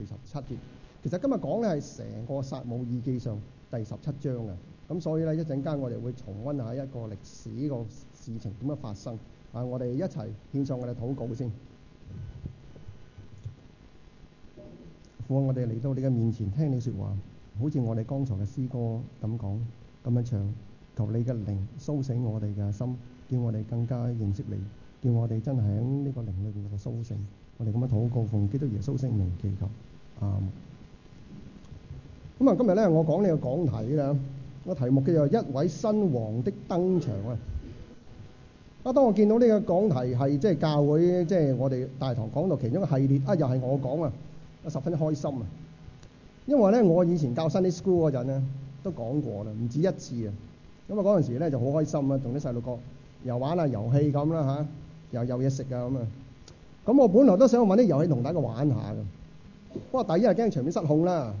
其實今日講嘅係成個撒母耳記上第十七章嘅，咁所以呢，一陣間我哋會重温下一個歷史個事情點樣發生，啊，我哋一齊獻上我哋禱告先。謝謝父啊，我哋嚟到你嘅面前聽你說話，好似我哋剛才嘅詩歌咁講，咁樣唱：求你嘅靈蘇醒我哋嘅心，叫我哋更加認識你，叫我哋真係喺呢個靈裏邊度蘇醒。我哋咁樣禱告奉基督耶穌聖名祈求，咁啊今日咧我講呢個講題咧，個題目叫做一位新王的登場啊！啊，當我見到呢個講題係即係教會，即係我哋大堂講道其中一個系列啊，又係我講啊，我十分開心啊！因為咧我以前教 Sunday School 嗰陣咧都講過啦，唔止一次啊！咁啊嗰陣時咧就好開心啊，同啲細路哥又玩下遊戲咁啦嚇，又有嘢食啊咁啊～咁我本來都想揾啲遊戲同大家玩下㗎，不過第一係驚場面失控啦，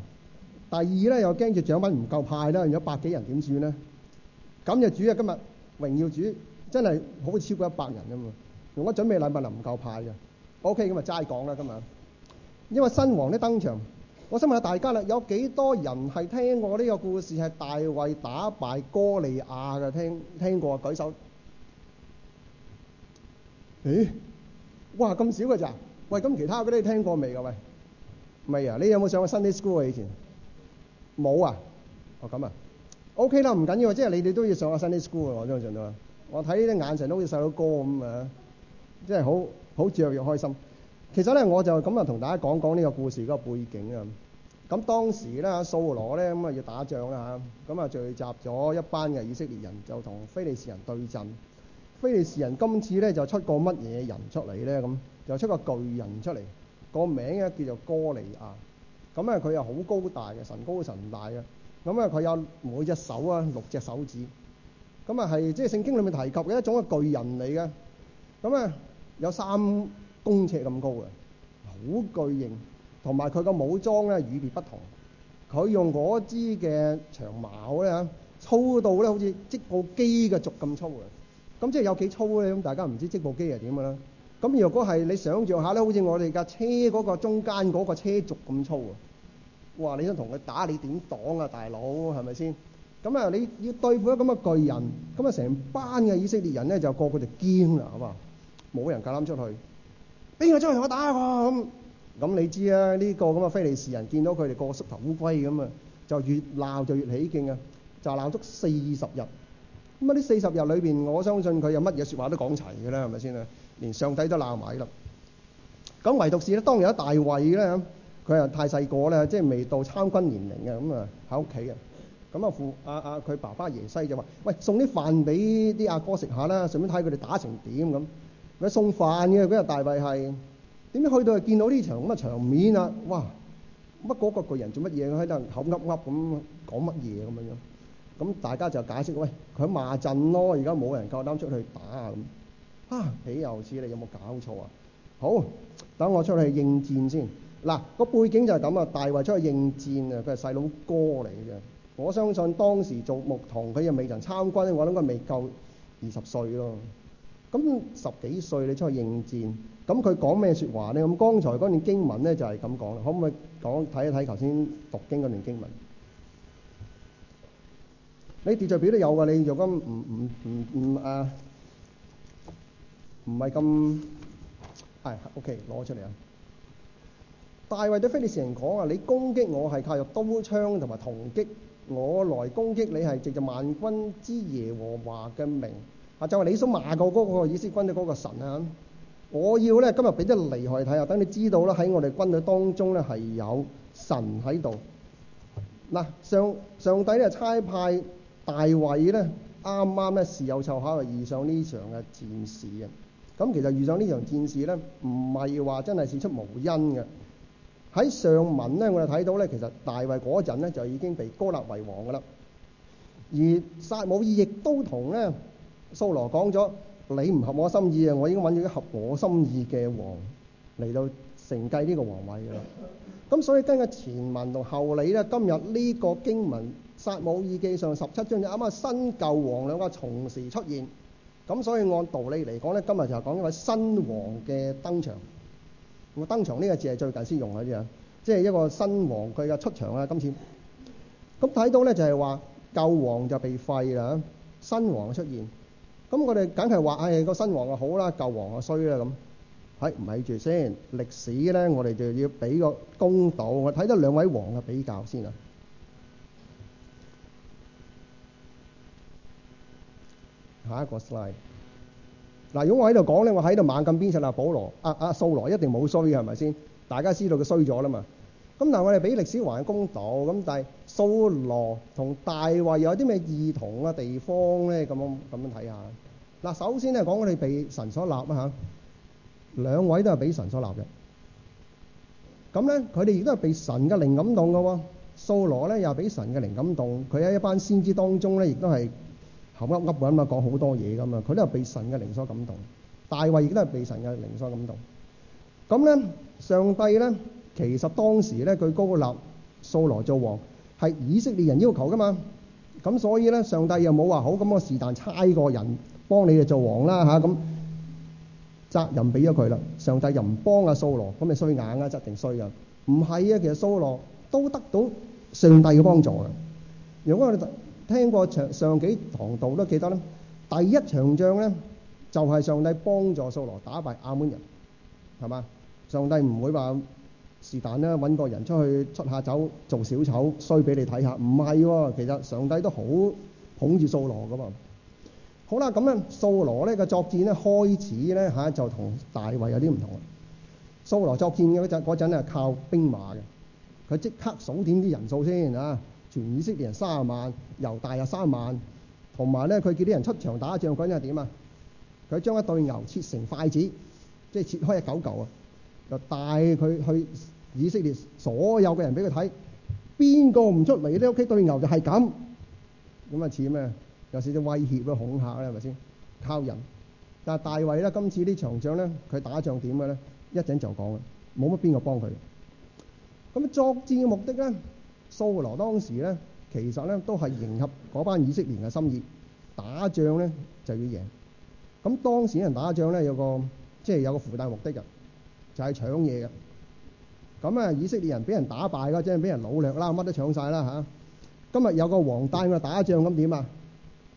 第二咧又驚住獎品唔夠派啦，有百幾人點算咧？咁就主啊今日榮耀主真係好超過一百人㗎嘛，如果準備禮物啊唔夠派嘅，OK 咁啊齋講啦今日，因為新王嘅登場，我想問下大家啦，有幾多人係聽過呢個故事係大衛打敗歌利亞嘅？聽聽過啊？舉手！咦？哇咁少嘅咋？喂，咁其他嗰啲你聽過未㗎？喂，未啊？你有冇上過 Sunday School 啊？以前冇啊？哦咁啊，OK 啦，唔緊要，即係你哋都要上下 Sunday School 啊！我都上到啊！我睇啲眼神都好似細佬哥咁啊，即係好好自由又開心。其實咧，我就咁啊，同大家講講呢個故事個背景啊。咁當時咧，掃羅咧咁啊要打仗啦嚇，咁啊聚集咗一班嘅以色列人就同非利士人對陣。非利士人今次咧就出個乜嘢人出嚟咧？咁就出個巨人出嚟，個名咧叫做歌利亞。咁啊，佢又好高大嘅，神高神大嘅。咁啊，佢有每隻手啊六隻手指，咁啊係即係聖經裡面提及嘅一種嘅巨人嚟嘅。咁啊有三公尺咁高嘅，好巨型，同埋佢個武裝咧與別不同，佢用嗰支嘅長矛咧嚇，粗到咧好似織布機嘅軸咁粗嘅。咁即係有幾粗咧？咁大家唔知織布機係點嘅啦。咁如果係你想像下咧，好似我哋架車嗰個中間嗰個車軸咁粗啊！哇！你想同佢打你點擋啊，大佬係咪先？咁啊，你要對付一個咁嘅巨人，咁啊成班嘅以色列人咧就個個，個就驚啦，係嘛？冇人夠膽出去，邊個出去同我打喎、啊？咁咁你知啊，呢、這個咁嘅非利士人見到佢哋個個縮頭烏龜咁啊，就越鬧就越起勁啊，就鬧足四十日。咁呢四十日裏邊，我相信佢有乜嘢説話都講齊嘅啦，係咪先啊？連上帝都鬧埋啦。咁唯獨是咧，當有一大衞咧，佢又太細個啦，即係未到參軍年齡啊，咁啊喺屋企啊。咁啊父阿阿佢爸爸耶西就話，喂，送啲飯俾啲阿哥食下啦，順便睇佢哋打成點咁。咪送飯嘅嗰日大衞係點知去到又見到呢場咁嘅場面啦，啊？哇！乜、那、嗰個個人做乜嘢啊？喺度口噏噏咁講乜嘢咁樣？咁大家就解釋，喂，佢喺罵陣咯，而家冇人夠膽出去打啊咁。啊，豈有此理，有冇搞錯啊？好，等我出去應戰先。嗱，啊，個背景就係咁啊，大衛出去應戰啊，佢係細佬哥嚟嘅。我相信當時做牧童，佢又未曾參軍，我諗應該未夠二十歲咯。咁十幾歲你出去應戰，咁佢講咩説話呢？咁剛才嗰段經文咧就係、是、咁講。可唔可以講睇一睇頭先讀經嗰段經文？你秩序表都有㗎，你如果唔唔唔唔啊，唔係咁係，OK，攞出嚟啊！大衛對非利士人講啊：，你攻擊我係靠入刀槍同埋銅戟，我來攻擊你係藉著萬軍之耶和華嘅名。啊，就係、是、你所罵過嗰個以色列軍隊嗰個神啊！我要咧今日俾啲厲害睇下，等你知道啦。喺我哋軍隊當中咧係有神喺度。嗱、啊，上上帝咧差派。大衛咧啱啱咧事有湊巧，遇上呢場嘅戰事啊！咁其實遇上呢場戰事咧，唔係話真係事出無因嘅。喺上文咧，我哋睇到咧，其實大衛嗰陣咧就已經被膏立為王噶啦。而撒母耳亦都同咧掃羅講咗：你唔合我心意啊！我已經揾咗一合我心意嘅王嚟到承繼呢個皇位噶啦。咁所以根據前文同後理咧，今日呢個經文。撒母耳記上十七章，啱啱新舊王兩個同時出現，咁所以按道理嚟講呢，今日就係講一位新王嘅登場。我登場呢個字係最近先用嘅啫，即係一個新王佢嘅出場啊！今次咁睇到呢，就係話舊王就被廢啦，新王出現。咁我哋梗係話唉，個新王就好啦，舊王就衰啦咁，係唔係住先？歷史呢，我哋就要俾個公道。我睇咗兩位王嘅比較先啊。下一個 slide 嗱，如果我喺度講咧，我喺度猛咁鞭策阿保羅啊，阿掃羅一定冇衰嘅，係咪先？大家知道佢衰咗啦嘛。咁嗱，我哋俾歷史還公道咁，但係掃羅同大衛有啲咩異同嘅地方咧？咁樣咁樣睇下。嗱，首先咧講我哋被神所立啊吓，兩位都係俾神所立嘅。咁咧，佢哋亦都係被神嘅靈感動嘅喎。掃羅咧又俾神嘅靈感動，佢喺一班先知當中咧亦都係。含噏噏咁嘛，講好多嘢噶嘛，佢都係被神嘅靈所感動。大衛亦都係被神嘅靈所感動。咁咧，上帝咧，其實當時咧，佢膏立掃羅做王係以色列人要求噶嘛。咁所以咧，上帝又冇話好咁，我是但差個人幫你哋做王啦嚇咁。責任俾咗佢啦，上帝又唔幫阿掃羅，咁咪衰硬啊，一定衰啊。唔係啊，其實掃羅都得到上帝嘅幫助啊。如果我哋。聽過長上幾堂道都記得啦。第一場仗咧就係上帝幫助掃羅打敗亞捫人，係嘛？上帝唔會話是但啦，揾個人出去出下走做小丑衰俾你睇下。唔係喎，其實上帝都好捧住掃羅噶嘛。好啦，咁樣掃羅呢個作戰咧開始咧嚇就同大衛有啲唔同啊。掃羅作戰嘅嗰陣嗰陣係靠兵馬嘅，佢即刻數點啲人數先啊。全以色列人三十萬，猶大又三十萬，同埋咧佢叫啲人出場打仗，講嘢點啊？佢將一對牛切成筷子，即係切開一九嚿啊，就帶佢去以色列所有嘅人俾佢睇，邊個唔出嚟呢？屋企對牛就係咁，咁啊似咩？有少少威脅咯，恐嚇啦，係咪先？靠人，但係大衛咧，今次呢場仗咧，佢打仗點嘅咧？一陣就講啦，冇乜邊個幫佢，咁啊作戰嘅目的咧？掃羅當時咧，其實咧都係迎合嗰班以色列嘅心意。打仗咧就要贏。咁當時人打仗咧有個即係有個附帶目的嘅，就係、是、搶嘢嘅。咁啊，以色列人俾人打敗嘅即係俾人擄掠啦，乜都搶晒啦吓，今日有個王帶啊，打仗，咁點啊？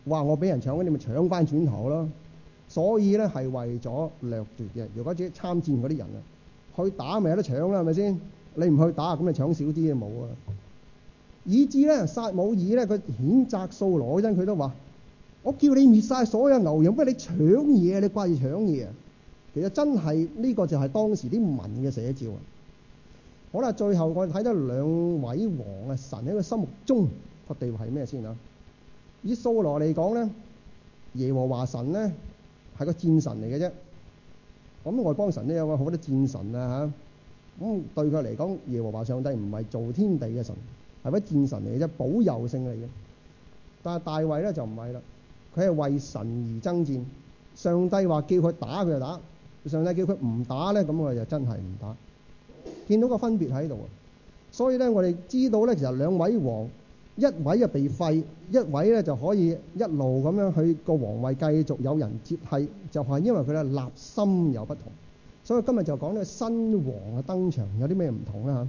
話我俾人搶嘅，你咪搶返轉頭咯。所以咧係為咗掠奪嘅。如果只參戰嗰啲人啊，去打咪有得搶啦？係咪先？你唔去打咁咪搶少啲嘅冇啊。以至咧，撒母耳咧，佢譴責掃羅，因佢都話：我叫你滅晒所有牛羊，不如你搶嘢，你掛住搶嘢。其實真係呢個就係當時啲民嘅寫照。好啦，最後我睇得兩位王嘅神喺佢心目中嘅地位係咩先啊？以掃羅嚟講咧，耶和華神咧係個戰神嚟嘅啫。咁外邦神都有好多戰神啊吓。咁對佢嚟講，耶和華上帝唔係做天地嘅神。係位戰神嚟嘅啫，保佑性嚟嘅。但係大衛咧就唔係啦，佢係為神而爭戰。上帝話叫佢打，佢就打；上帝叫佢唔打咧，咁佢就真係唔打。見到個分別喺度啊！所以咧，我哋知道咧，其實兩位王，一位就被廢，一位咧就可以一路咁樣去個皇位繼續有人接替，就係因為佢嘅立心有不同。所以今日就講呢個新王嘅登場有啲咩唔同啦吓。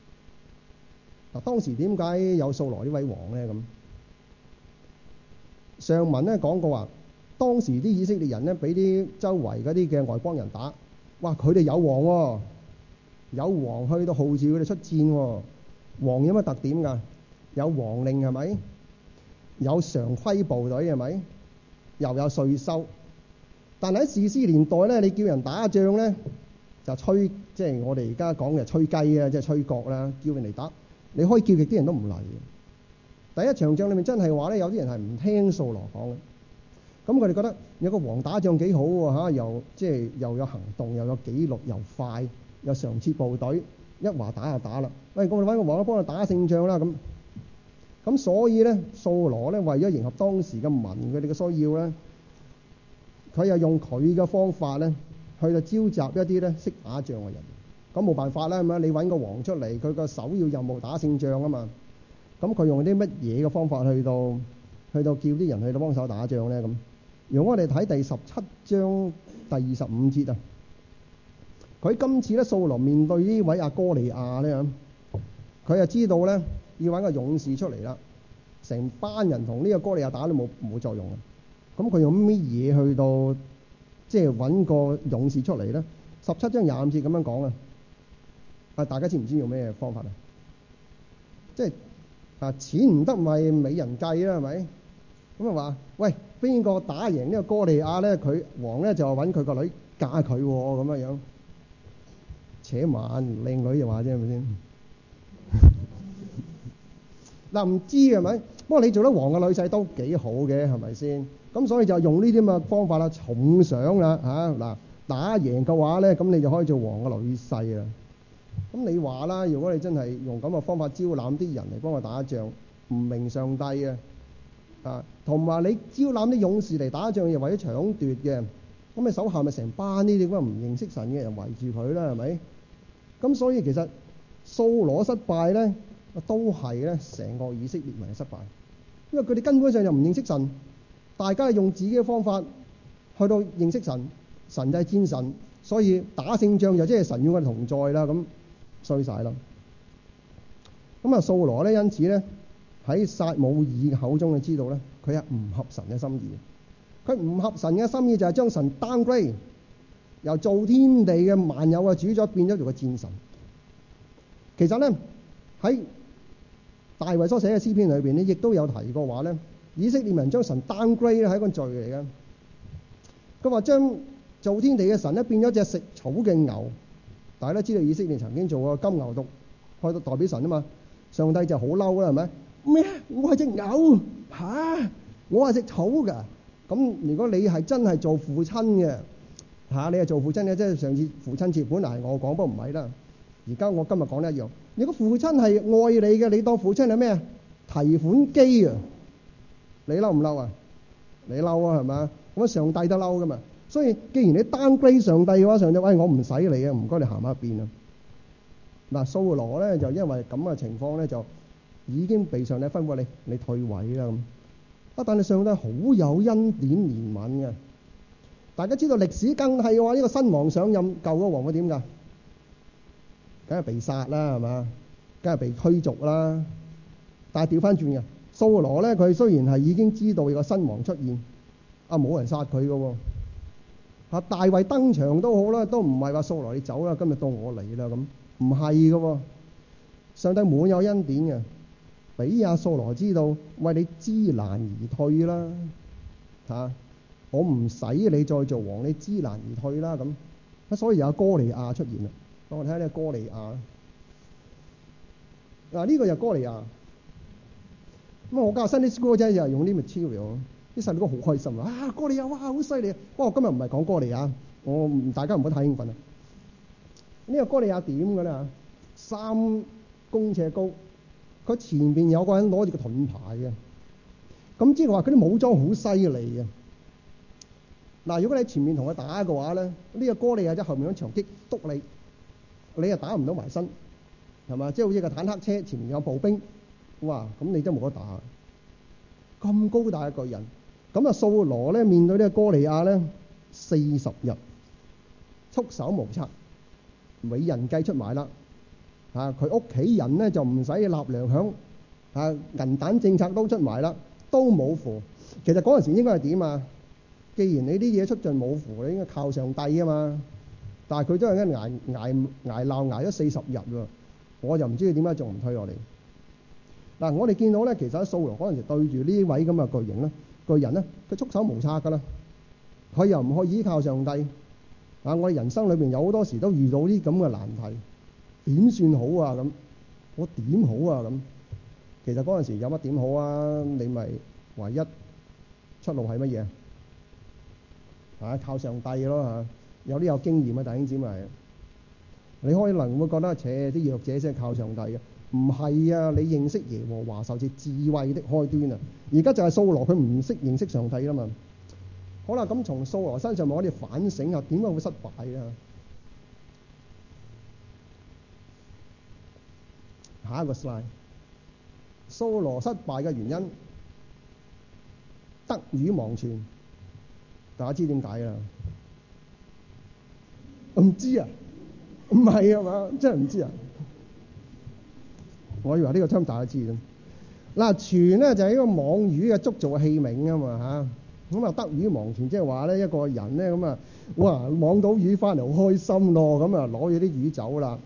嗱，當時點解有掃羅呢位王呢？咁上文咧講過話，當時啲以色列人咧俾啲周圍嗰啲嘅外邦人打，哇！佢哋有王喎，有王去到號召佢哋出戰喎。王有乜特點㗎？有王令係咪？有常規部隊係咪？又有稅收。但係喺士師年代咧，你叫人打仗咧就吹，即係我哋而家講嘅吹雞啊，即係吹角啦，叫人嚟打。你可以叫佢啲人都唔嚟嘅。第一場仗裏面真係話咧，有啲人係唔聽掃羅講嘅。咁佢哋覺得有個王打仗幾好喎吓，又即係又有行動，又有紀錄，又快，又常設部隊，一話打就打啦。喂，我哋揾個王幫我打勝仗啦咁。咁所以咧，掃羅咧為咗迎合當時嘅民佢哋嘅需要咧，佢又用佢嘅方法咧去到召集一啲咧識打仗嘅人。咁冇辦法啦，咁樣你揾個王出嚟，佢個首要任務打勝仗啊嘛。咁佢用啲乜嘢嘅方法去到去到叫啲人去到幫手打仗咧？咁如果我哋睇第十七章第二十五節啊，佢今次咧，掃羅面對呢位阿哥利亞咧，佢就知道咧要揾個勇士出嚟啦。成班人同呢個哥利亞打都冇冇作用啊。咁佢用乜嘢去到即係揾個勇士出嚟咧？十七章廿五節咁樣講啊。大家知唔知用咩方法啊？即係啊，錢唔得咪美人計啦，係咪咁啊？話喂，邊個打贏呢個哥利亞咧？佢王咧就揾佢個女嫁佢咁嘅樣，扯埋靚女又話啫，係咪先嗱？唔知係咪？不過你做得王嘅女婿都幾好嘅，係咪先咁？所以就用呢啲咁嘅方法啦，重賞啦嚇嗱，打贏嘅話咧，咁你就可以做王嘅女婿啦。咁你話啦，如果你真係用咁嘅方法招攬啲人嚟幫我打仗，唔明上帝嘅，啊，同埋你招攬啲勇士嚟打仗，又為咗搶奪嘅，咁你手下咪成班呢啲咁唔認識神嘅人圍住佢啦，係咪？咁所以其實掃羅失敗咧，都係咧成個以色列民嘅失敗，因為佢哋根本上就唔認識神，大家係用自己嘅方法去到認識神，神就係戰神，所以打勝仗又即係神與我哋同在啦咁。衰晒咯！咁啊，掃羅咧，因此咧喺撒母耳口中，就知道咧，佢係唔合神嘅心意。佢唔合神嘅心意就係將神 downgrade，由造天地嘅萬有嘅主宰變咗做個戰神。其實咧喺大衛所寫嘅詩篇裏邊咧，亦都有提過話咧，以色列人將神 downgrade 咧係一個罪嚟嘅。佢話將造天地嘅神咧變咗隻食草嘅牛。大家都知道以色列曾經做過金牛犢，開到代表神啊嘛，上帝就好嬲啦，係咪？咩？我係隻牛吓、啊？我係食草㗎。咁、啊、如果你係真係做父親嘅吓、啊？你係做父親嘅，即係上次父親節本嚟我講，都唔係啦。而家我今日講一樣，你個父親係愛你嘅，你當父親係咩啊？提款機啊！你嬲唔嬲啊？你嬲啊，係嘛？咁啊，上帝都嬲噶嘛？所以，既然你單歸上帝嘅話，上帝話、哎、我唔使你，你啊，唔該你行一邊啦。嗱，掃羅咧就因為咁嘅情況咧，就已經被上帝吩咐你，你退位啦咁。啊，但係上帝好有恩典憐憫嘅，大家知道歷史更係嘅話，呢、啊呢個新王上任，舊嗰個王會點㗎？梗係被殺啦，係嘛？梗係被驅逐啦。但係調翻轉嘅掃羅咧，佢雖然係已經知道有個新王出現，啊冇人殺佢嘅喎。啊！大衛登場都好啦，都唔係話掃羅你走啦，今日到我嚟啦咁，唔係嘅喎。上帝滿有恩典嘅，俾阿掃羅知道，餵你知難而退啦，嚇、啊！我唔使你再做王，你知難而退啦咁。所以有哥利亞出現啦。我睇下呢個哥利亞嗱，啊，呢個就哥利亞。咁、啊這個啊、我教 Sunday School 仔就用呢個材料嘅啲細路哥好開心啊，啊！哥利亞哇，好犀利！哇、啊、不過我今日唔係講哥利亞，我唔大家唔好太興奮啊！呢個哥利亞點嘅咧？三公尺高，佢前面有個人攞住個盾牌嘅，咁即係話佢啲武裝好犀利啊。嗱，如果你前面同佢打嘅話咧，呢個哥利亞喺後面攞長擊督你，你又打唔到埋身，係嘛？即係好似個坦克車前面有步兵，哇，咁你都冇得打。咁高大一個巨人。咁啊，掃羅咧面對呢個哥利亞咧四十日束手無策，美人計出埋啦。啊，佢屋企人咧就唔使納糧餉，啊銀彈政策都出埋啦，都冇符。其實嗰陣時應該係點啊？既然你啲嘢出盡冇符，你應該靠上帝啊嘛。但係佢真係跟挨挨挨鬧挨咗四十日喎，我就唔知佢點解仲唔退落嚟。嗱，我哋見到咧，其實喺掃羅嗰陣時對住呢位咁嘅巨型咧。個人呢，佢束手無策噶啦，佢又唔可以依靠上帝。啊，我哋人生裏邊有好多時都遇到啲咁嘅難題，點算好啊？咁我點好啊？咁其實嗰陣時有乜點好啊？你咪唯一出路係乜嘢啊？靠上帝咯吓，有啲有經驗啊，弟兄姊妹，你可能會覺得，扯啲弱者先係靠上帝嘅。唔係啊！你認識耶和華就係智慧的開端啊！而家就係掃羅，佢唔識認識上帝啦嘛。好啦，咁從掃羅身上，我哋反省啊，點解會失敗啊？下一個 slide，掃羅失敗嘅原因，得魚忘筌。大家知點解啊？唔知啊？唔係啊嘛？真係唔知啊？我以為個、啊、呢個 t 打一 m 嘅，大家嗱，筌咧就係、是、一個網魚嘅竹做器皿啊嘛嚇，咁啊得魚忘筌，即係話咧一個人咧咁啊哇，網到魚翻嚟好開心咯，咁啊攞咗啲魚走啦。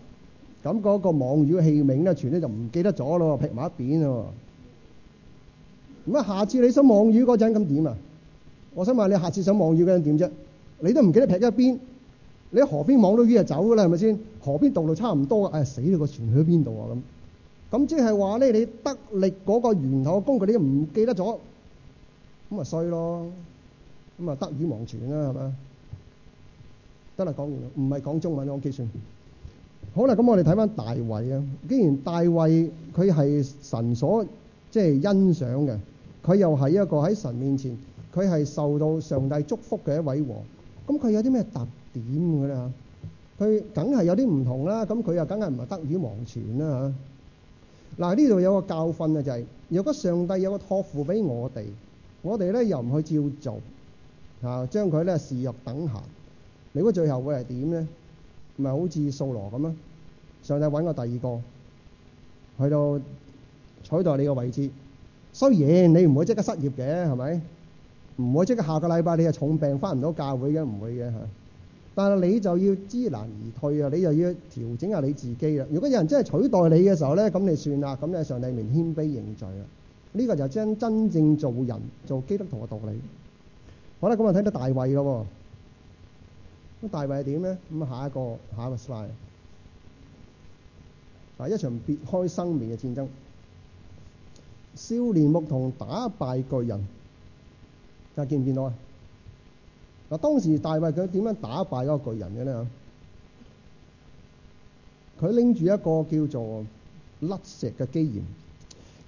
咁、啊、嗰、那個網魚嘅器皿咧，筌咧就唔記得咗咯，劈埋一邊喎。咁啊，啊，啊，下次你想網魚嗰陣咁點啊？我想問你下次想網魚嗰陣點啫？你都唔記得劈一邊，你喺河邊網到魚就走㗎啦，係咪先？河邊道路差唔多，唉、哎、死你、那個筌去咗邊度啊咁？啊啊啊啊啊啊啊啊咁即係話咧，你得力嗰個源頭工具，你都唔記得咗，咁咪衰咯，咁啊得意忘全啦，係咪啊？得啦，講完啦，唔係講中文啊，我算好啦。咁我哋睇翻大衛啊，既然大衛佢係神所即係欣賞嘅，佢又係一個喺神面前佢係受到上帝祝福嘅一位王，咁佢有啲咩特點嘅咧？佢梗係有啲唔同啦。咁佢又梗係唔係得意忘全啦？嚇！嗱，呢度有個教訓啊、就是，就係若果上帝有個託付俾我哋，我哋咧又唔去照做啊，將佢咧視若等閒。你估最後會係點咧，咪好似掃羅咁啊？上帝揾個第二個去到取代你嘅位置，雖然你唔會即刻失業嘅，係咪唔會即刻下個禮拜你係重病翻唔到教會嘅，唔會嘅吓。但係你就要知難而退啊，你就要調整下你自己啊。如果有人真係取代你嘅時候咧，咁你就算啦，咁你就上帝面謙卑認罪啦。呢、這個就真真正做人做基督徒嘅道理。好啦，咁啊睇到大衛咯。咁大衛係點咧？咁下一個下一個 slide。啊，一場別開生面嘅戰爭，少年牧童打敗巨人。大家見唔見到啊？嗱，當時大衛佢點樣打敗嗰個巨人嘅咧？佢拎住一個叫做甩石嘅機器，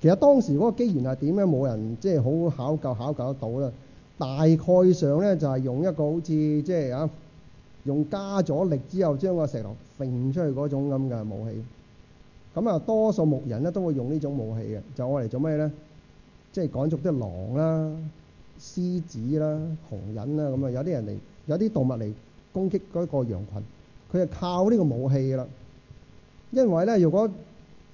其實當時嗰個機器係點樣冇人即係好考究考究得到咧。大概上咧就係用一個好似即係啊，用加咗力之後將個石頭揈出去嗰種咁嘅武器。咁啊，多數牧人咧都會用呢種武器嘅，就我嚟做咩咧？即係趕逐啲狼啦。獅子啦、啊、熊人啦、啊，咁啊有啲人嚟，有啲動物嚟攻擊嗰個羊群。佢係靠呢個武器㗎啦。因為咧，如果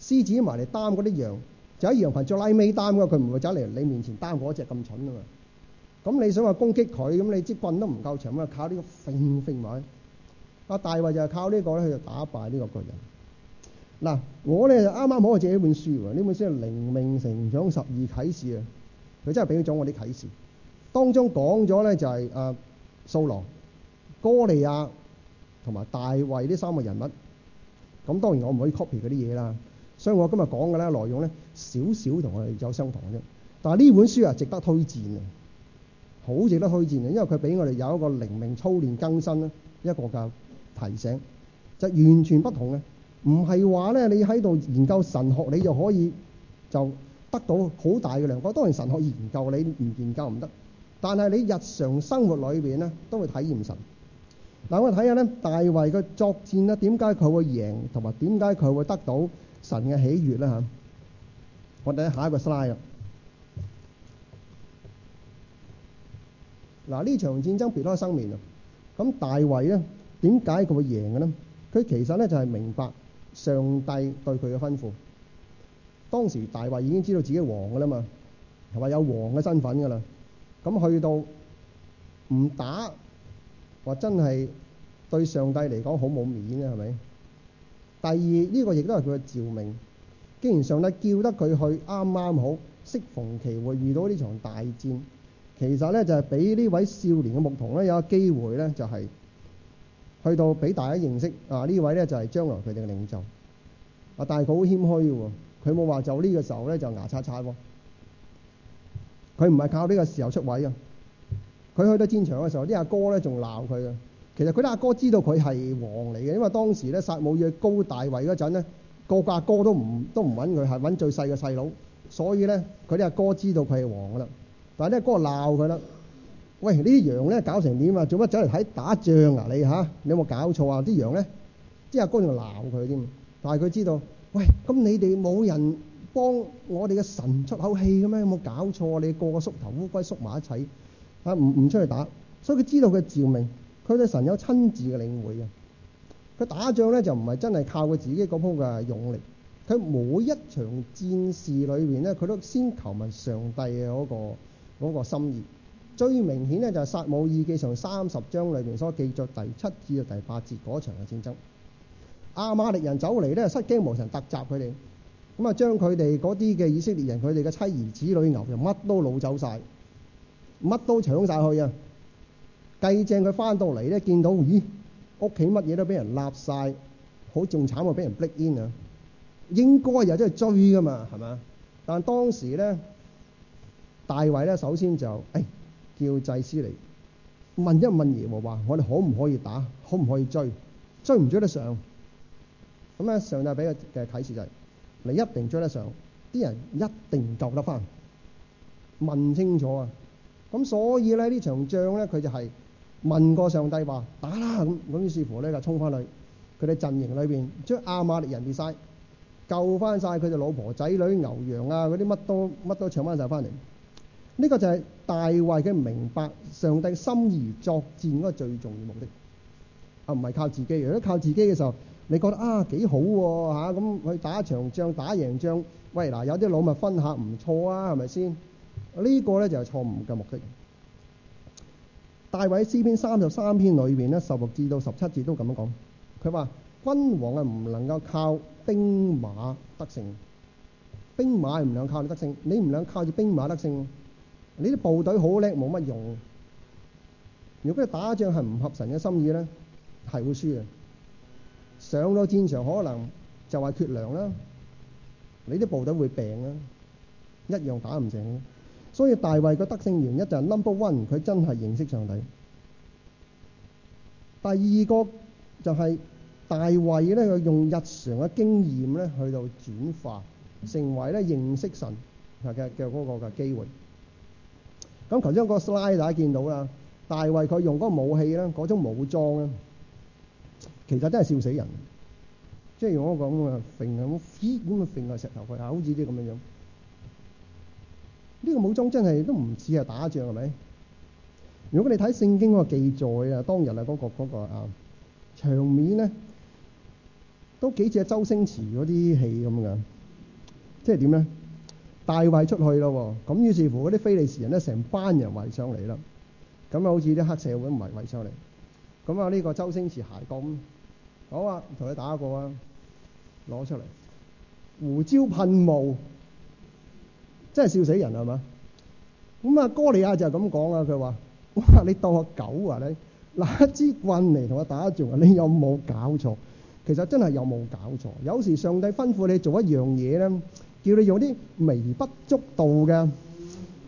獅子埋嚟擔嗰啲羊，就喺羊群最拉尾尾擔，佢唔會走嚟你面前擔嗰隻咁蠢啊嘛。咁你想話攻擊佢，咁你支棍都唔夠長，咁啊靠呢個揈揈埋。啊、這個！大衛就係靠呢個咧，佢就打敗呢個巨人。嗱，我咧就啱啱好借呢本書喎，呢本書係《靈命成長十二啟示》啊，佢真係俾咗我啲啟示。當中講咗咧，就係誒掃羅、哥利亞同埋大衛呢三個人物。咁當然我唔可以 copy 嗰啲嘢啦，所以我今日講嘅咧內容咧少少同佢有相同嘅啫。但係呢本書啊，值得推薦嘅，好值得推薦嘅，因為佢俾我哋有一個靈命操練更新咧一個嘅提醒，就完全不同嘅，唔係話咧你喺度研究神學，你就可以就得到好大嘅亮光。當然神學研究你唔研究唔得。但係你日常生活裏邊咧，都會體驗神。嗱，我哋睇下咧，大衛嘅作戰咧，點解佢會贏，同埋點解佢會得到神嘅喜悅咧？吓，我睇下下一個 slide 啦。嗱，呢場戰爭撇開生面啊，咁大衛咧，點解佢會贏嘅咧？佢其實咧就係明白上帝對佢嘅吩咐。當時大衛已經知道自己王噶啦嘛，係咪有王嘅身份噶啦。咁去到唔打，或真係對上帝嚟講好冇面啊？係咪？第二呢、這個亦都係佢嘅召命，既然上帝叫得佢去，啱啱好適逢其會遇到呢場大戰，其實呢就係俾呢位少年嘅牧童呢有個機會呢，就係、是、去到俾大家認識啊呢位呢就係、是、將來佢哋嘅領袖。啊，但係佢好謙虛喎，佢冇話就呢個時候呢就牙擦擦喎。佢唔係靠呢個時候出位啊！佢去到戰場嘅時候，啲阿哥咧仲鬧佢啊！其實佢啲阿哥知道佢係王嚟嘅，因為當時咧撒母耳膏大衛嗰陣咧，個個阿哥都唔都唔揾佢，係揾最細嘅細佬。所以咧，佢啲阿哥知道佢係王噶啦。但係咧，阿哥鬧佢啦。喂，呢啲羊咧搞成點啊？做乜走嚟睇打仗啊？你嚇，你有冇搞錯啊？啲羊咧，啲阿哥仲鬧佢添。但係佢知道，喂，咁你哋冇人。幫我哋嘅神出口氣，噉樣有冇搞錯？你個個縮頭烏龜縮埋一齊，啊唔唔出去打。所以佢知道佢嘅召命，佢對神有親自嘅領會嘅。佢打仗咧就唔係真係靠佢自己嗰鋪嘅勇力。佢每一場戰事裏面咧，佢都先求問上帝嘅嗰個、嗰個心意。最明顯咧就係、是、撒母耳記上三十章裏面所記載第七至第八節嗰場嘅戰爭。阿瑪力人走嚟咧，失驚無神突襲佢哋。咁啊，將佢哋嗰啲嘅以色列人，佢哋嘅妻兒子女牛羊乜都擄走晒，乜都搶晒去啊！計正佢翻到嚟咧，見到咦屋企乜嘢都俾人攔晒，好仲慘啊！俾人 block in 啊！應該又真係追噶嘛，係咪？但係當時咧，大衛咧首先就誒叫祭司嚟問一問耶和華：我哋可唔可以打？可唔可以追？追唔追得上？咁咧，上帝俾個嘅提示就係、是。你一定追得上，啲人一定救得翻。問清楚啊！咁所以咧，呢場仗咧，佢就係問過上帝話：打啦！咁咁於是乎咧，就衝翻去佢哋陣營裏邊，將亞瑪力人滅曬，救翻曬佢哋老婆仔女牛羊啊！嗰啲乜都乜都搶翻曬翻嚟。呢個就係大衛佢明白上帝心意作戰嗰個最重要目的。啊，唔係靠自己，如果靠自己嘅時候。你覺得啊幾好喎、啊、咁、啊嗯、去打場仗打贏仗，喂嗱有啲老物分下唔錯啊，係咪先？這個、呢個咧就係、是、錯誤嘅目的。大衛喺詩篇三十三篇裏邊咧，十六至到十七節都咁樣講。佢話君王啊唔能夠靠兵馬得勝，兵馬唔能靠你得勝，你唔能靠住兵馬得勝，你啲部隊好叻冇乜用。如果你打仗係唔合神嘅心意咧，係會輸嘅。上咗戰場可能就係缺糧啦，你啲部隊會病啦，一樣打唔成。所以大衛嘅得勝原因就係 number one，佢真係認識上帝。第二個就係大衛咧，佢用日常嘅經驗咧，去到轉化成為咧認識神嘅嘅嘅嗰個嘅機會。咁頭先嗰個 slide 大家見到啦，大衛佢用嗰個武器啦，嗰種武裝啦。其實真係笑死人，即係用我講啊，揈啊，咁飛咁啊，揈啊，石頭塊啊，好似啲咁嘅樣。呢個武裝真係都唔似係打仗係咪？如果你睇聖經嗰個記載啊，當日啊嗰個嗰個啊場面咧，都幾似阿周星馳嗰啲戲咁嘅，即係點咧？大衛出去咯，咁於是乎嗰啲非利士人咧，成班人圍上嚟啦，咁啊好似啲黑社會唔係圍上嚟，咁啊呢個周星馳鞋哥咁。好啊，同你打一個啊，攞出嚟胡椒噴霧，真係笑死人啦，係嘛咁啊？哥利亞就係咁講啊，佢話哇，你當我狗啊，你嗱一支棍嚟同我打一仗啊，你有冇搞錯？其實真係有冇搞錯？有時上帝吩咐你做一樣嘢咧，叫你用啲微不足道嘅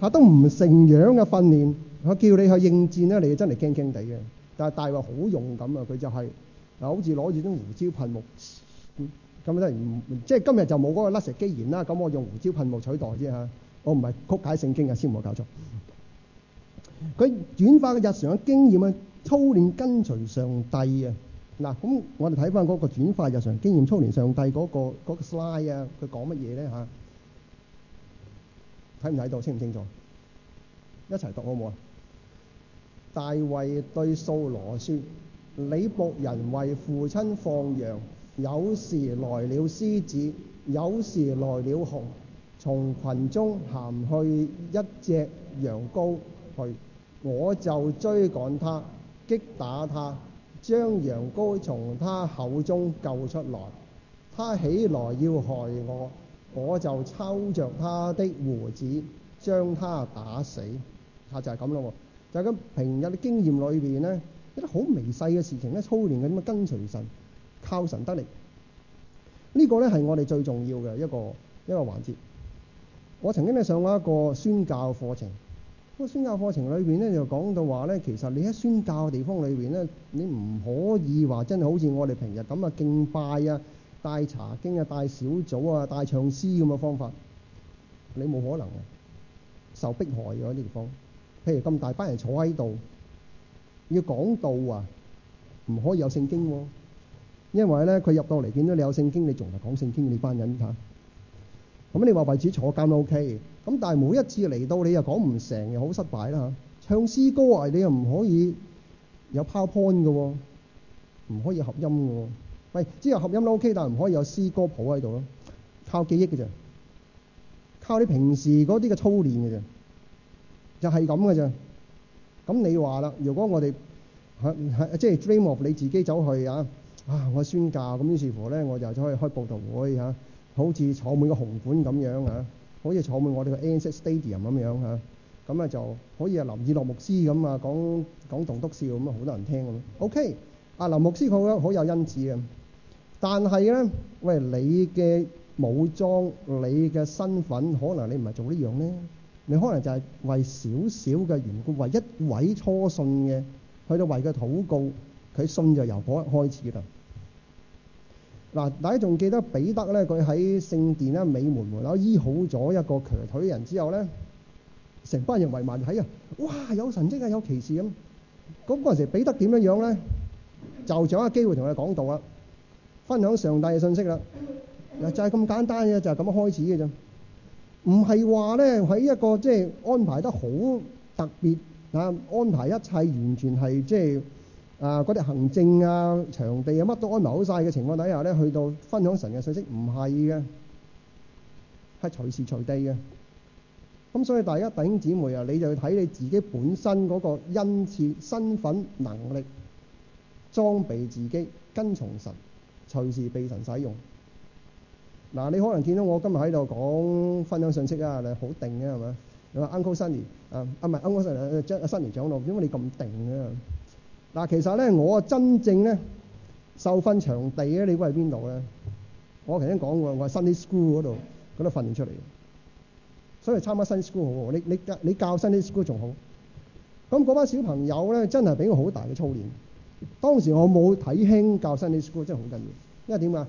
吓都唔成樣嘅訓練，吓叫你去應戰咧，你真係驚驚地嘅。但係大衛好勇敢啊，佢就係、是。嗱，好似攞住啲胡椒噴霧，咁即係今日就冇嗰個甩石機然啦，咁我用胡椒噴霧取代啫嚇。我唔係曲解聖經啊，先唔好搞錯。佢轉化嘅日常經驗啊，操練跟隨上帝啊。嗱，咁我哋睇翻嗰個轉化日常經驗操練上帝嗰個嗰個 slide 啊，佢講乜嘢咧嚇？睇唔睇到？清唔清楚？一齊讀好冇啊？大衛對掃羅説。李博仁為父親放羊，有時來了獅子，有時來了熊，從群中銜去一隻羊羔去，我就追趕他，擊打他，將羊羔從他口中救出來。他起來要害我，我就揪着他的鬍子，將他打死。他就係咁咯，就喺咁平日嘅經驗裏邊咧。一啲好微細嘅事情咧，操練嘅咁嘅跟隨神，靠神得力。呢個咧係我哋最重要嘅一個一個環節。我曾經咧上過一個宣教課程，個宣教課程裏邊咧就講到話咧，其實你喺宣教嘅地方裏邊咧，你唔可以話真係好似我哋平日咁啊敬拜啊、帶查經啊、帶小組啊、帶唱詩咁嘅方法，你冇可能嘅。受迫害嘅嗰啲地方，譬如咁大班人坐喺度。要講道啊，唔可以有聖經、哦，因為咧佢入到嚟見到你有聖經，你仲嚟講聖經，你班人嚇。咁你話為止坐監都 OK，咁但係每一次嚟到你又講唔成，又好失敗啦、啊、嚇。唱詩歌啊，你又唔可以有 PowerPoint 嘅、哦，唔可以合音嘅、哦。喂，只有合音都 OK，但係唔可以有詩歌譜喺度咯，靠記憶嘅啫，靠你平時嗰啲嘅操練嘅啫，就係咁嘅啫。咁你話啦，如果我哋係係即係 dream of，你自己走去啊啊，我宣教，咁於是乎咧，我就可以開佈道會嚇，好似坐滿個紅館咁樣嚇，好似坐滿我哋個 ANZ Stadium 咁樣嚇，咁咧就可以啊，林以諾牧師咁啊，講講棟篤笑咁啊，好多人聽咁咯。OK，阿林牧師佢好有好有恩賜嘅，但係咧，喂，你嘅武裝、你嘅身份，可能你唔係做呢樣咧。你可能就係為少少嘅緣故，為一位初信嘅去到為佢禱告，佢信就由嗰日開始啦。嗱，大家仲記得彼得咧？佢喺聖殿啦，美門門口醫好咗一個瘸腿人之後咧，成班人圍埋睇啊！哇，有神蹟啊，有奇事咁。咁嗰陣時，彼得點樣樣咧？就掌握機會同佢講道啦，分享上帝嘅信息啦。嗱，就係咁簡單嘅，就係咁樣開始嘅啫。唔係話呢，喺一個即係安排得好特別啊，安排一切完全係即係啊嗰啲行政啊、場地啊乜都安排好晒嘅情況底下呢，去到分享神嘅信息，唔係嘅，係隨時隨地嘅。咁所以大家弟兄姊妹啊，你就要睇你自己本身嗰個恩賜、身份、能力、裝備自己，跟從神，隨時被神使用。嗱，你可能見到我今日喺度講分享信息啊，你好定嘅係咪？你話 Uncle Sunny 啊啊唔係 Uncle Sunny，啊 Sunny 長老，點解你咁定嘅？嗱，其實咧我真正咧受訓場地咧，你估係邊度咧？我頭先講過，我喺 Sunday School 嗰度嗰度訓練出嚟，所以參加 Sunday School 好，你你教你教 Sunday School 仲好。咁嗰班小朋友咧，真係俾個好大嘅操練。當時我冇睇輕教 Sunday School，真係好緊要，因為點啊？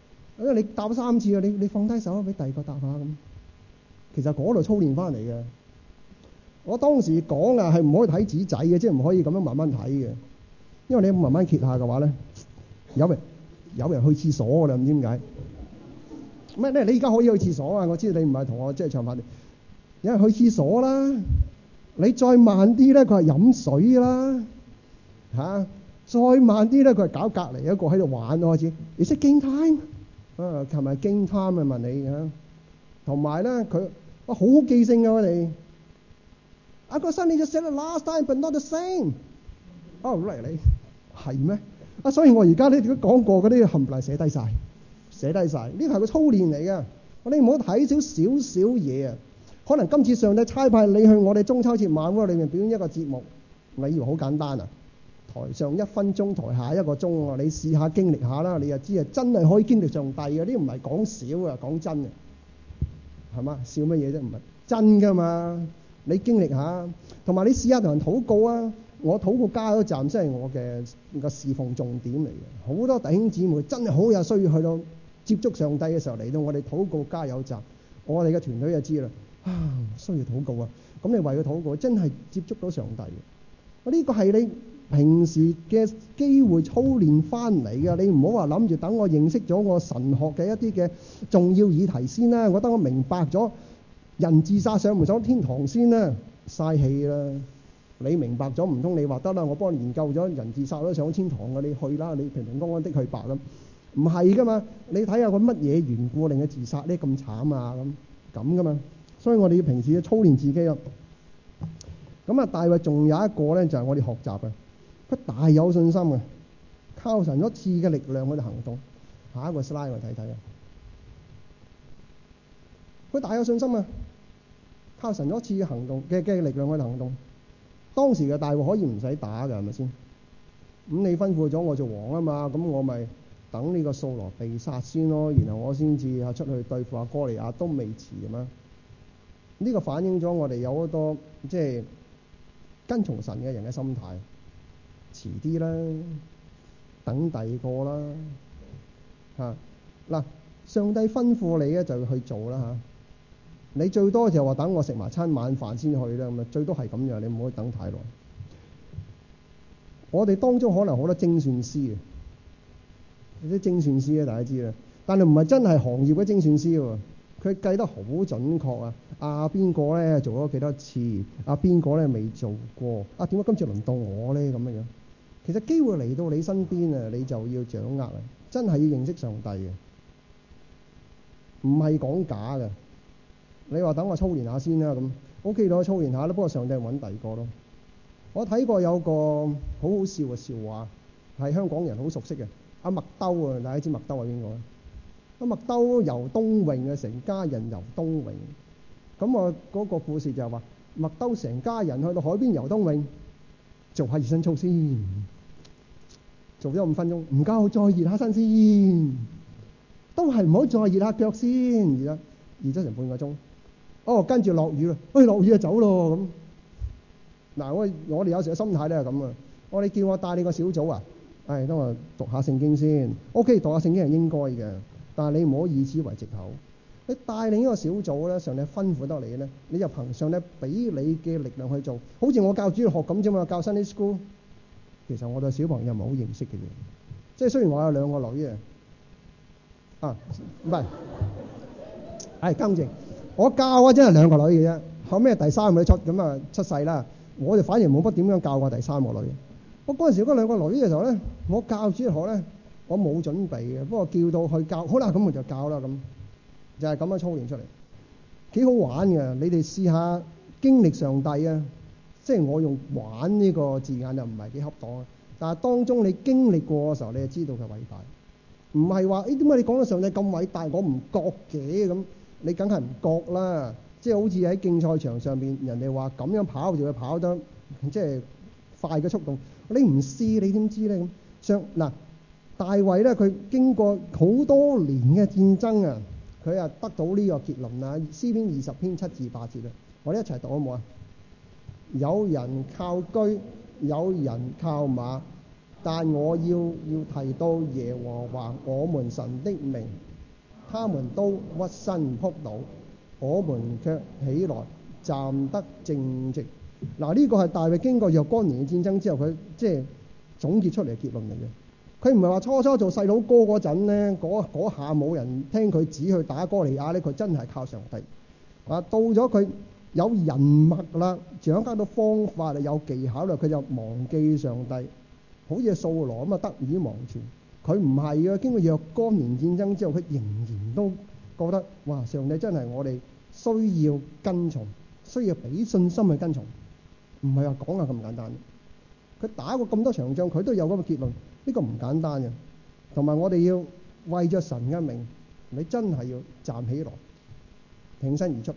因為你答咗三次啊，你你放低手畀第二個答下咁，其實嗰度操練翻嚟嘅。我當時講啊，係唔可以睇紙仔嘅，即係唔可以咁樣慢慢睇嘅，因為你慢慢揭下嘅話咧，有人有人去廁所噶啦，唔知點解咩咧？你而家可以去廁所啊！我知道你唔係同我即係、就是、長髮，因為去廁所啦。你再慢啲咧，佢係飲水啦吓、啊，再慢啲咧，佢係搞隔籬一個喺度玩咯，開始你且 game time。啊，琴日驚貪啊！問你啊，同埋咧，佢我好好記性嘅我哋，阿個生你就寫啦，last time but not the same。哦， 嚟、oh, right, 你係咩？啊，所以我而家咧點解講過嗰啲冚唪唥寫低晒。寫低晒呢個係個操練嚟嘅。我哋唔好睇少少少嘢啊！可能今次上帝差派你去我哋中秋節晚會裏面表演一個節目，你以為好簡單，啊。台上一分鐘，台下一個鐘。你試下經歷下啦，你就知啊，真係可以經歷上帝嘅。呢啲唔係講少啊，講真嘅係嘛？笑乜嘢啫？唔係真㗎嘛！你經歷下，同埋你試下同人禱告啊！我禱告加油站真係我嘅、呢個侍奉重點嚟嘅。好多弟兄姊妹真係好有需要去到接觸上帝嘅時候嚟到我哋禱告加油站，我哋嘅團隊就知啦。啊，需要禱告啊！咁你為佢禱告，真係接觸到上帝。呢、呢個係你。平時嘅機會操練翻嚟嘅，你唔好話諗住等我認識咗我神學嘅一啲嘅重要議題先啦、啊。我等我明白咗人自殺上唔上天堂先啦、啊，嘥氣啦！你明白咗唔通你話得啦？我幫你研究咗人自殺都上天堂嘅，你去啦，你平平安安的去白啦唔係噶嘛？你睇下佢乜嘢緣故令佢自殺呢？咁慘啊咁咁噶嘛？所以我哋要平時要操練自己咯。咁啊，大衛仲有一個咧，就係我哋學習嘅。佢大有信心嘅，靠神一次嘅力量去行動。下一個 slide 我睇睇啊！佢大有信心啊，靠神一次嘅行動嘅力量去行動。當時嘅大鑊可以唔使打㗎，係咪先？咁你吩咐咗我做王啊嘛，咁我咪等呢個掃羅被殺先咯，然後我先至啊出去對付阿哥利亞都未遲啊嘛。呢、這個反映咗我哋有好多即係跟從神嘅人嘅心態。遲啲啦，等第二個啦嚇嗱、啊，上帝吩咐你咧就要去做啦嚇、啊。你最多就話等我食埋餐晚飯先去啦咁啊，最多係咁樣，你唔可以等太耐。我哋當中可能好多精算師啊，啲精算師咧大家知啦，但係唔係真係行業嘅精算師喎，佢計得好準確啊。阿邊個咧做咗幾多次？阿、啊、邊個咧未做過？啊點解今次輪到我咧咁嘅樣？其實機會嚟到你身邊啊，你就要掌握啊！真係要認識上帝嘅，唔係講假嘅。你話等我操練下先啦，咁 OK 啦，操練下啦。不過上帝揾第二個咯。我睇過有個好好笑嘅笑話，係香港人好熟悉嘅。阿麥兜啊，大家知麥兜係邊個咧？阿麥兜游冬泳啊，成家人游冬泳。咁啊，我嗰個故事就係話麥兜成家人去到海邊游冬泳，做下熱身操先。做咗五分鐘，唔夠再熱下身先，都係唔好再熱下腳先，而家熱咗成半個鐘。哦，跟住落雨咯，哎，落雨就走咯咁。嗱，我我哋有時嘅心態都係咁啊。我哋叫我帶你個小組啊，唉、哎，等我讀下聖經先。O.K. 讀下聖經係應該嘅，但係你唔好以此為藉口。你帶你呢個小組咧，上帝吩咐多你咧，你就憑上帝俾你嘅力量去做。好似我教主日學咁啫嘛，教 Sunday School，其實我對小朋友唔係好認識嘅，即係雖然我有兩個女啊，啊唔係係金靖，我教啊真係兩個女嘅啫，後尾第三個女出咁啊出世啦，我就反而冇乜點樣教過第三個女。我嗰陣時嗰兩個女嘅時候咧，我教主日學咧，我冇準備嘅，不過叫到去教，好啦，咁我就教啦咁，就係咁樣操練出嚟，幾好玩嘅，你哋試下經歷上帝啊！即係我用玩呢個字眼就唔係幾恰當啊！但係當中你經歷過嘅時候，你就知道佢偉大。唔係話誒點解你講到上帝咁偉大，我唔覺嘅咁，你梗係唔覺啦。即係好似喺競賽場上邊，人哋話咁樣跑就會跑得即係快嘅速度，你唔試你點知咧咁？上嗱大衛咧，佢經過好多年嘅戰爭啊，佢啊得到呢個結論啊，詩篇二十篇七至八節。啊，我哋一齊讀好冇啊？有人靠居，有人靠馬，但我要要提到耶和華我們神的名，他們都屈身仆倒，我們卻起來站得正直。嗱、啊、呢、這個係大衛經過若干年嘅戰爭之後，佢即係總結出嚟嘅結論嚟嘅。佢唔係話初初做細佬哥嗰陣呢，嗰下，冇人聽佢，指去打哥利亞呢，佢真係靠上帝。啊，到咗佢。有人脈啦，掌握到方法啦，有技巧啦，佢就忘記上帝，好似掃羅咁啊，得意忘形。佢唔係啊，經過若干年戰爭之後，佢仍然都覺得哇，上帝真係我哋需要跟從，需要俾信心去跟從，唔係話講下咁簡單。佢打過咁多場仗，佢都有嗰個結論，呢個唔簡單嘅。同埋我哋要為咗神嘅名，你真係要站起來，挺身而出。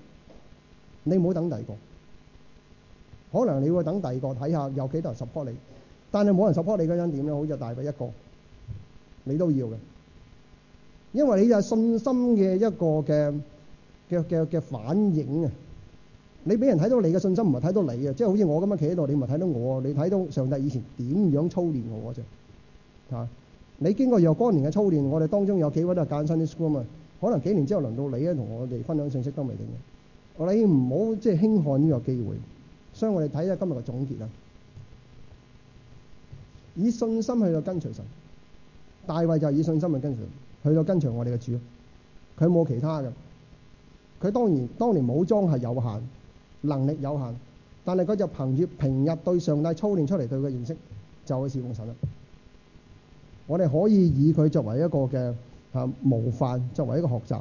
你唔好等第二個，可能你會等第二個睇下有幾多人 support 你，但係冇人 support 你嗰陣點咧？好似大過一個，你都要嘅，因為你有信心嘅一個嘅嘅嘅嘅反應啊！你俾人睇到你嘅信心，唔係睇到你啊，即係好似我咁樣企喺度，你唔係睇到我，你睇到上帝以前點樣操練我啫。啊！你經過若干年嘅操練，我哋當中有幾位都係間身啲 school 啊，可能幾年之後輪到你咧，同我哋分享信息都未定嘅。我哋唔好即係輕看呢個機會，所以我哋睇下今日嘅總結啦。以信心去到跟隨神，大衛就係以信心去跟隨神，去到跟隨我哋嘅主。佢冇其他嘅，佢當然當年武裝係有限，能力有限，但係佢就憑住平日對上帝操練出嚟對佢嘅認識，就去侍奉神啦。我哋可以以佢作為一個嘅嚇、啊、模範，作為一個學習。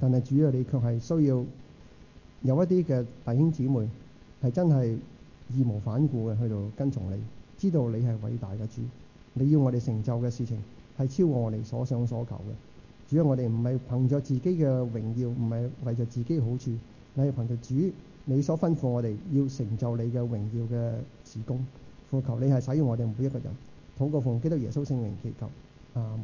但係主要你卻係需要有一啲嘅弟兄姊妹，係真係義無反顧嘅去到跟從你，知道你係偉大嘅主，你要我哋成就嘅事情係超過我哋所想所求嘅。主要我哋唔係憑着自己嘅榮耀，唔係為着自己好處，你係憑着主你所吩咐我哋要成就你嘅榮耀嘅事工。求求你係使用我哋每一個人，禱告奉基督耶穌聖名祈求，阿